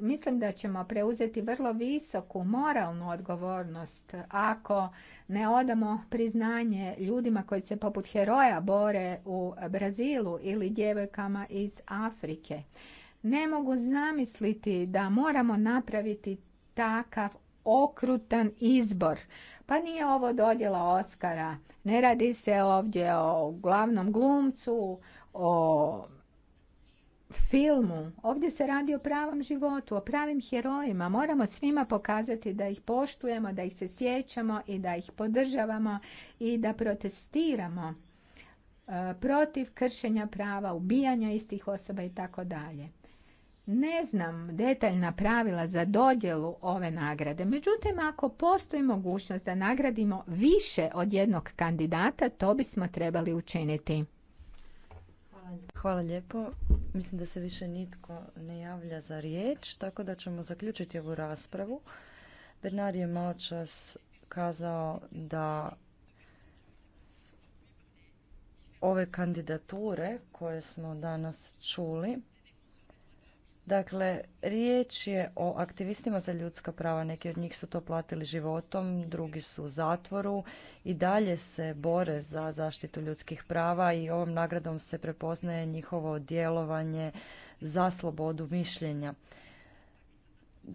mislim da ćemo preuzeti vrlo visoku moralnu odgovornost ako ne odamo priznanje ljudima koji se poput heroja bore u Brazilu ili djevojkama iz Afrike. Ne mogu zamisliti da moramo napraviti takav okrutan izbor. Pa nije ovo dodjela Oskara. Ne radi se ovdje o glavnom glumcu, o filmu. Ovdje se radi o pravom životu, o pravim herojima. Moramo svima pokazati da ih poštujemo, da ih se sjećamo i da ih podržavamo i da protestiramo e, protiv kršenja prava, ubijanja istih osoba i tako dalje. Ne znam detaljna pravila za dodjelu ove nagrade, međutim ako postoji mogućnost da nagradimo više od jednog kandidata, to bismo trebali učiniti. Hvala lijepo. Mislim da se više nitko ne javlja za riječ, tako da ćemo zaključiti ovu raspravu. Bernard je malo čas kazao da ove kandidature koje smo danas čuli Dakle, riječ je o aktivistima za ljudska prava. Neki od njih su to platili životom, drugi su u zatvoru i dalje se bore za zaštitu ljudskih prava i ovom nagradom se prepoznaje njihovo djelovanje za slobodu mišljenja.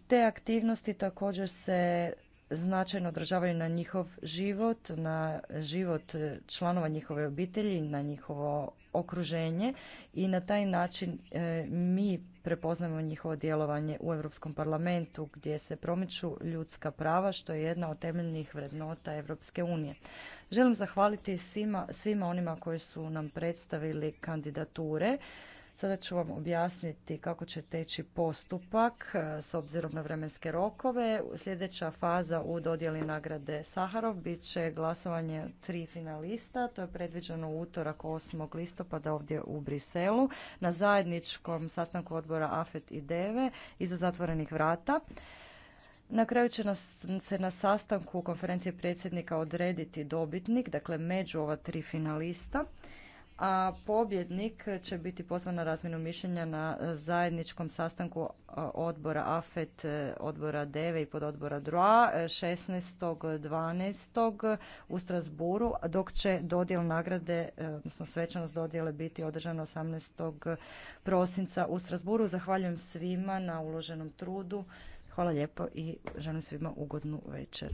Te aktivnosti također se značajno održavaju na njihov život, na život članova njihove obitelji, na njihovo okruženje i na taj način e, mi prepoznamo njihovo djelovanje u Europskom parlamentu gdje se promiču ljudska prava što je jedna od temeljnih vrednota Europske unije. Želim zahvaliti svima, svima onima koji su nam predstavili kandidature Sada ću vam objasniti kako će teći postupak e, s obzirom na vremenske rokove. Sljedeća faza u dodjeli nagrade Saharov bit će glasovanje tri finalista. To je predviđeno u utorak 8. listopada ovdje u Briselu na zajedničkom sastanku odbora AFET i DEVE iza zatvorenih vrata. Na kraju će se na sastanku konferencije predsjednika odrediti dobitnik, dakle među ova tri finalista a pobjednik će biti pozvan na razmjenu mišljenja na zajedničkom sastanku e, odbora AFET, e, odbora DEVE i pododbora DROA 16.12. E, u Strasburu, dok će dodjel nagrade, odnosno svečanost dodjele biti održana 18. prosinca u Strasburu. Zahvaljujem svima na uloženom trudu. Hvala lijepo i želim svima ugodnu večer.